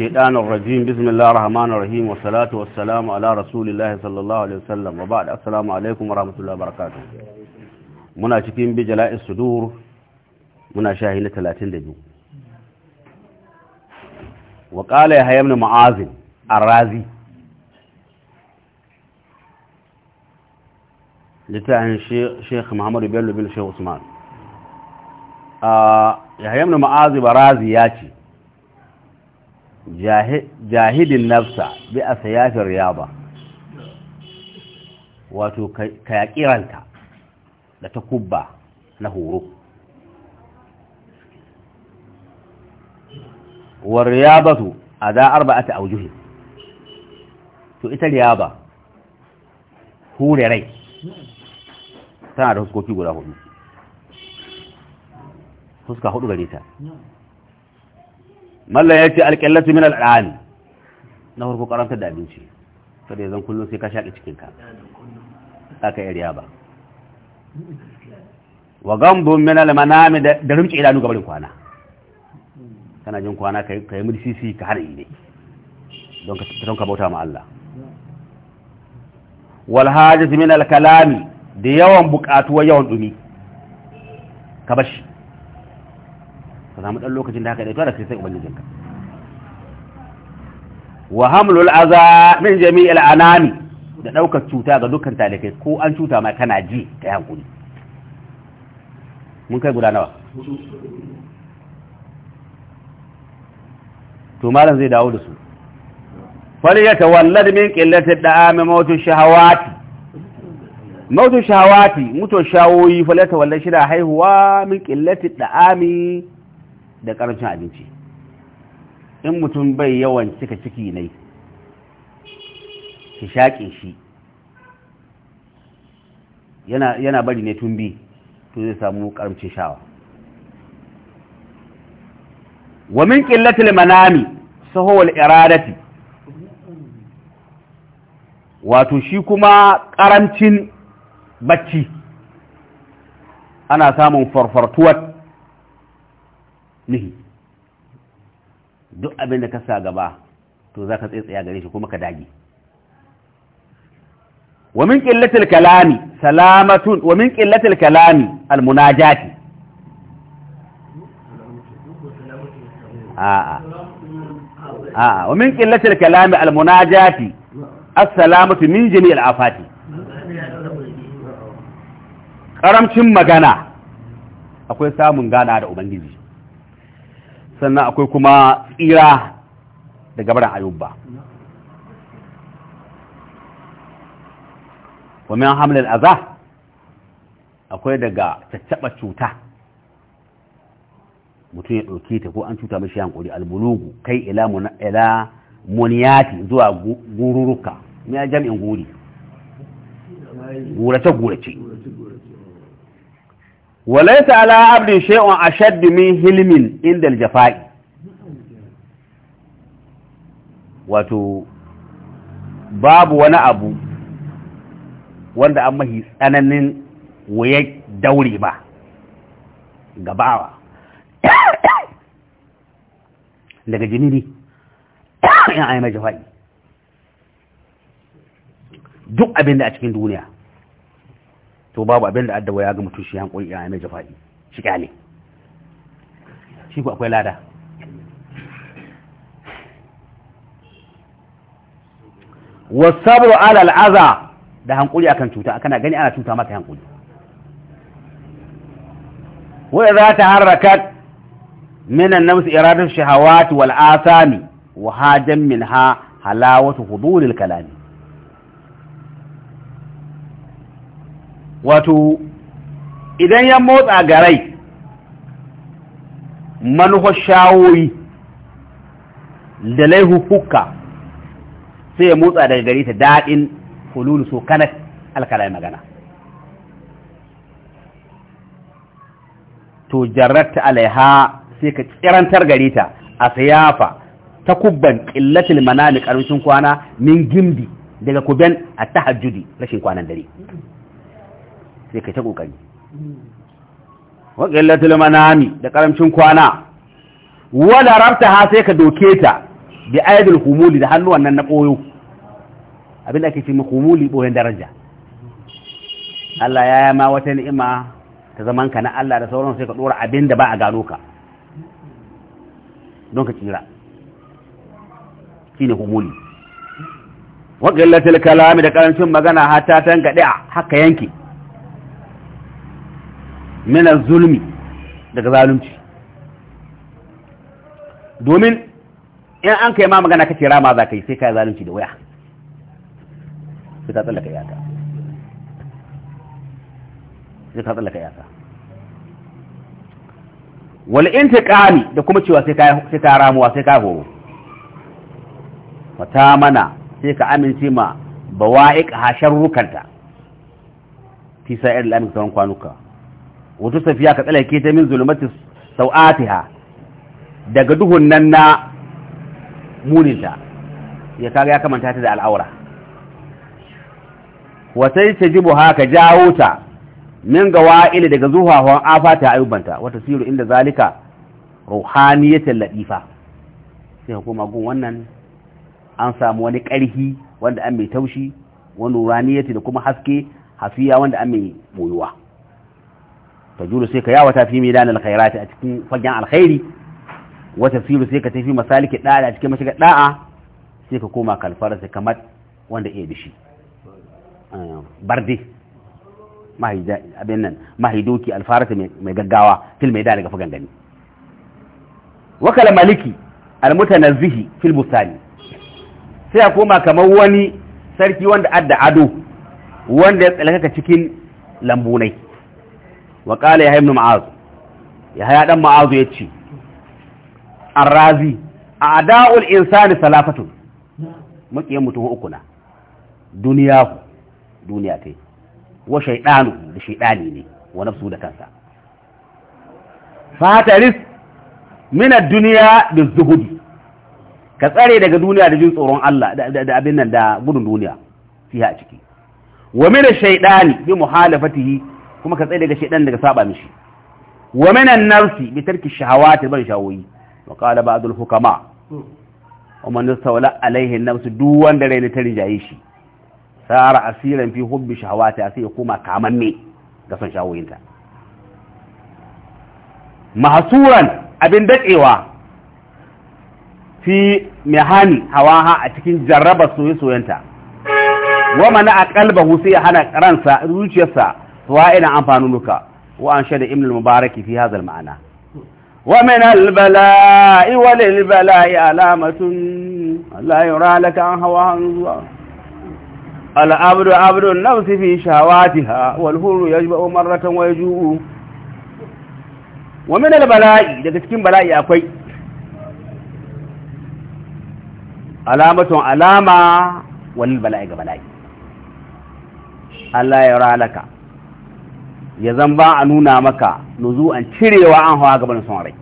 الشيطان الرجيم بسم الله الرحمن الرحيم والصلاة والسلام على رسول الله صلى الله عليه وسلم وبعد السلام عليكم ورحمة الله وبركاته مناشكين بجلاء الصدور مناشاهين تلاتين دجو وقال يا هيمن معاذن الرازي لتعن شيخ محمد بن بن شيخ عثمان آه، يا هيمن معاذن الرازي ياتي jahidin nafsa bi a sayafin riyaba wato ka yaƙiranta da ta kubba na horo wa riyabatu a za arba'ata a wujuhin to ita riyaba hure rai tana da huskoki guda hudu fuska hudu gare ta mallan ya ce alƙallatu min al’ani na farko karanta da abinci kada zan kullum sai ka shaɗi cikinka za ka yi ba wa gambun min al-manami da rumce idanu gabarin kwana kana jin kwana ka yi mursisi ka hana ne don ka don ka bauta ma Allah wal hajat min al-kalami da yawan buƙatuwa yawan dumi ka bashi ka samu dan lokacin da haka da da kai sai ubangijinka wa hamlul aza min jami'il anami da daukar cuta ga dukkan talikai ko an cuta ma kana ji ta hankuri mun kai guda nawa to malam zai dawo da su faliyata wallad min qillati da'ami mautu shahawati mautu shahawati mutu shawoyi faliyata wallad shi da haihuwa min qillati da'ami da ƙarancin abinci in mutum bai yawan cika ciki ne shi shaƙe shi yana bari ne tumbi to zai samu ƙarancin shawa wa min qillatil manami sahawal iradati wato shi kuma ƙarancin bacci ana samun farfartuwar nihi duk abin da ka sa gaba to za ka tsaya gare shi kuma ka dage wa min qillatil kalami salamatun wa min qillatil kalami al munajati a'a a'a wa min qillatil kalami al munajati as-salamatu min jami'il afati karamcin magana akwai samun gana da ubangiji sannan akwai kuma tsira daga barin ayubba wamin hamlin aza akwai daga caccaba cuta mutum ya ɗauke ta ko an cuta mashi hankuri albulugu kai ila zuwa gururuka ya jami'in guri gurace-gurace walaisa ala abdin shay'un ashadd min hilmin inda jafa'i, wato babu wani abu wanda an mahi tsananin waye daure ba gabawa daga jini ne in ayyana jafa'i duk abin da a cikin duniya to babu abin da addawa ya ga mutum shi hankuri ya mai jafa'i shi kyale shi ku akwai lada wasabru ala al'aza da hankuri akan cuta kana gani ana cuta maka hankuri wa idza taharrakat min an-nafs iradatu shahawati wal asami wa hajan minha halawatu huduril kalami wato idan ya motsa garai manufar shawoyi da laihuhuka sai ya motsa daga gari ta daɗin hululu so kanar alkalai magana to jarratta alaiha sai ka tsirantar gari ta a siyafa ta kubban mana mai ƙarancin kwana min gimbi daga kuben a tahajjudi rashin kwanan dare sai kai ta kokari wa qillatul manami da karamcin kwana wala ha sai ka doke ta bi aidil humuli da hannuwan nan na koyo abin da ake ce humuli boyen daraja Allah ya yi ma wata ni'ima ta zaman ka na Allah da sauran sai ka dora abin da ba a gano ka don ka tsira shine humuli wa qillatul kalami da ƙaramcin magana hatta tanka da haka yanke mina zulmi daga zalunci domin in an kai ma magana kace rama za ka yi sai ka yi zalunci da waya sai ka tsallaka yaka sai ka tsallaka yaka wal intiqami da kuma cewa sai ka sai ka ramuwa sai ka horo wata mana sai ka amince ma bawa'iq hasharrukanta fi sa'ir al-amri kwanuka Wata safiya ka tsalake ta min zulumati sau'atiha daga duhun nan na muninta ya kaga ya kamanta ta da al'aura wata yi tajibu haka jawo ta min ga wa'ili daga zuhahon afata ayyubanta wata siru inda zalika ruhaniyatin ladifa sai hukuma gun wannan an samu wani ƙarhi wanda an mai taushi wani raniyyati da kuma haske hafiya wanda an mai boyuwa tajuru sai ka yawata fi midanil khairati a cikin fagen alkhairi wa tafsiru sai ka tafi masaliki da'a a cikin mashiga da'a sai ka koma kalfar sai kamar wanda iya bishi barde abin nan mahidoki alfarata mai gaggawa fil mai da daga fagan gani wakala maliki almutanazzihi fil bustani sai a koma kamar wani sarki wanda adda ado wanda ya tsalaka cikin lambunai wa qala ya haimnu ma'azu. ya haya dan ya ce ar-razi a'da'ul insani salafatu makiyan mutu uku na duniya ku duniya tai wa shaytanu da shaytani ne wa nafsu da kansa fataris min ad-dunya bizuhudi ka tsare daga duniya da jin tsoron Allah da abin nan da gudun duniya Fiye a ciki wa min ash-shaytani bi muhalafatihi kuma ka tsaye daga shaidan daga saba mishi wa minan nafsi bi tarki shahawati bar shawoyi wa qala al hukama wa man istawla alaihi an-nafs duk wanda rai ta rijaye shi sara asiran fi hubbi shahawati sai kuma kaman ne ga son shawoyinta mahsuran abin dakewa fi mihani hawaha a cikin jarraba soye-soyenta wa mana a kalbahu sai hana ransa zuciyarsa فوائد عن فانونك وأنشد ابن المبارك في هذا المعنى ومن البلاء وللبلاء علامة لا يرى لك عن هواها نظرا العبد عبد النفس في شهواتها والحر يجبأ مرة ويجوء ومن البلاء daga cikin bala'i akwai alamatun alama wal bala'i ga bala'i Allah ya ralaka ya zan ba a nuna maka nuzu an cirewa an hawa gaban son rai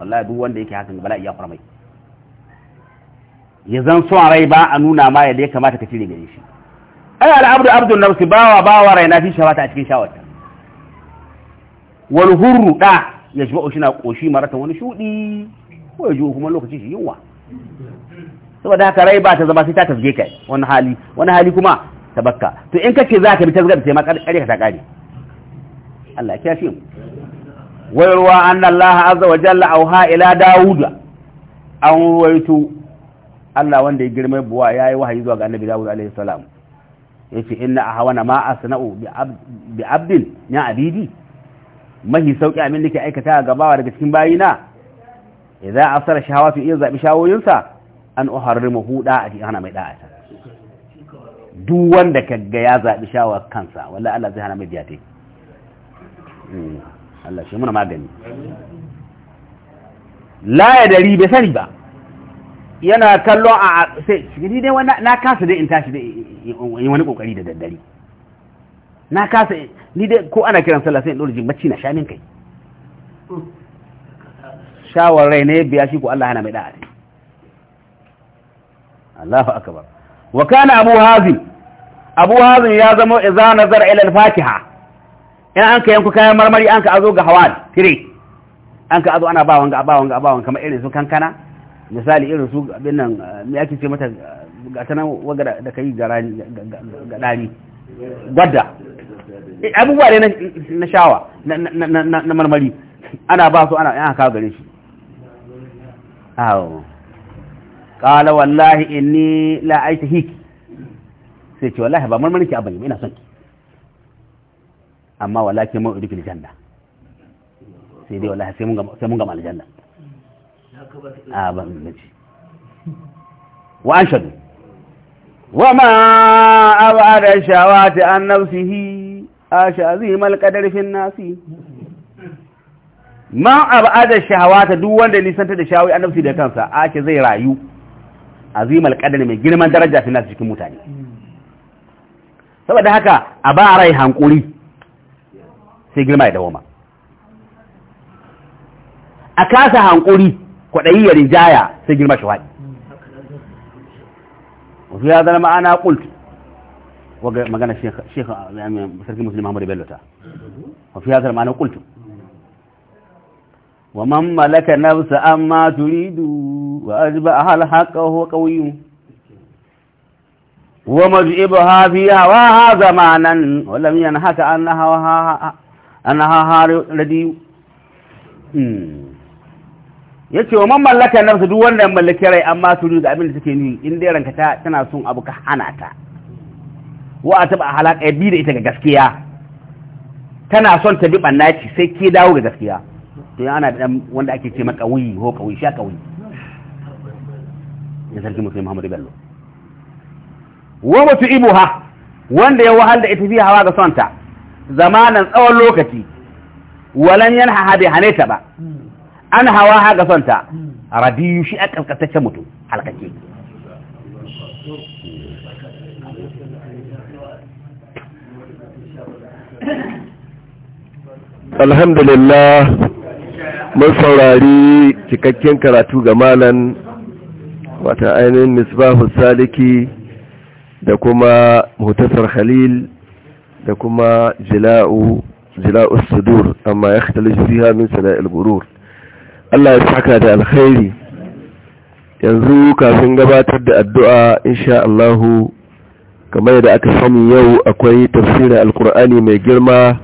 wallahi duk wanda yake hakan bala'i ya farmai ya zan son rai ba a nuna ma yadda ya kamata ka cire gare shi ai al'abdu abdu nafsi bawa bawa rai na fi shawata a cikin shawarta wal hurru da ya jima shi na koshi marata wani shudi ko ya jiwo kuma lokaci shi yunwa saboda haka rai ba ta zama sai ta tasge kai wani hali wani hali kuma tabakka to in kace za ka bi tasgar sai ma kare ka ta kare Allah ya kyashe mu wayarwa anna Allah azza wa jalla auha ila Dawuda an waitu. Allah wanda ya girma buwa yayi wahayi zuwa ga Annabi Dawud alaihi salam yace inna ahwana ma asna'u bi abdin ya abidi mahi sauki amin nake aikata gabawa daga cikin bayina idza asara shahawatu iya bi shawoyinsa an uharrimu huda a ana mai da'ata duk wanda kaga ya zabi shawar kansa wallahi Allah zai hana mai biya Mm. Allah shi muna magani bai sani ba yana kallon a sai shigiri dai na kasa dai in tashi dai in wani kokari da daddare na kasa ni dai ko ana kiran sallah sai in dole jin na sha min kai shawar rai ne ya shi ko Allah hana mai da'a Allahu akbar wa kana abu hazim abu hazim ya zama idza nazara ila al-fatiha in an ka yanku kayan marmari an ka azo ga hawan tire an ka azo ana ba wanga ba wanga ba wanga kamar irin su kankana misali irin su abin nan eh, me ake ce mata eh, ga ta nan waga da kai ga rani ga dani gadda eh, abubuwa ne na shawa na marmari ana ba su ana yan kawo gare shi awo qala wallahi inni la aitahik sai ce wallahi ba marmari ki abin ina son ki amma walakin mun rufe aljanna sai dai wala sai mun gama sai mun aljanna a ban nace wa anshadu wa ma abada shawati an nafsihi asha azim alqadar fi nasi ma abada shawata duk wanda nisanta da shawai an nafsi da kansa asha zai rayu azim alqadar mai girman daraja fi nasi cikin mutane saboda haka a ba rai hankuri sai girma ya dawoma a kasa hankuri kwaɗayi ya rinjaya sai girma shi waɗi wasu ya zana ma'ana kult waga magana shekha sarki musulmi muhammadu bello ta wasu ya zana ma'ana kult wa man malaka nafsa amma turidu wa ajba ahal haqa huwa qawiyyun ومجئبها في هواها زمانا ولم ينهك عن هواها an hahari radiyu ya ce wa man mallaka duk wanda ya mallaki rai amma su ga abin da suke nuni in dai ranka ta tana son abu ka hana ta wa a taba halaƙa ya bi da ita ga gaskiya tana son ta bi bannaci sai ke dawo ga gaskiya to ya ana ɗan wanda ake ce maka wuyi ko kawai sha kawai ya sarki musulmi Muhammad Bello wa mutu ibuha wanda ya wahal da ita fi hawa ga sonta zamanan tsawon lokaci walan yan haɗe hane ta ba an hawa haka son ta rabiyu shi a ƙasƙasashen mutum halkake alhamdulillah mun saurari cikakken karatu ga malan wata ainihin misbahu saliki da kuma mutasar khalil da kuma jila'u jila'u sudur amma ya khtalij fiha min sana'il burur Allah ya saka da alkhairi yanzu kafin gabatar da addu'a insha Allah kamar yadda aka sani yau akwai tafsirin alkur'ani mai girma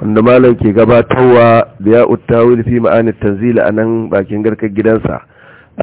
wanda malam ke gabatarwa biya uttawil fi ma'anin tanzila anan bakin garkar gidansa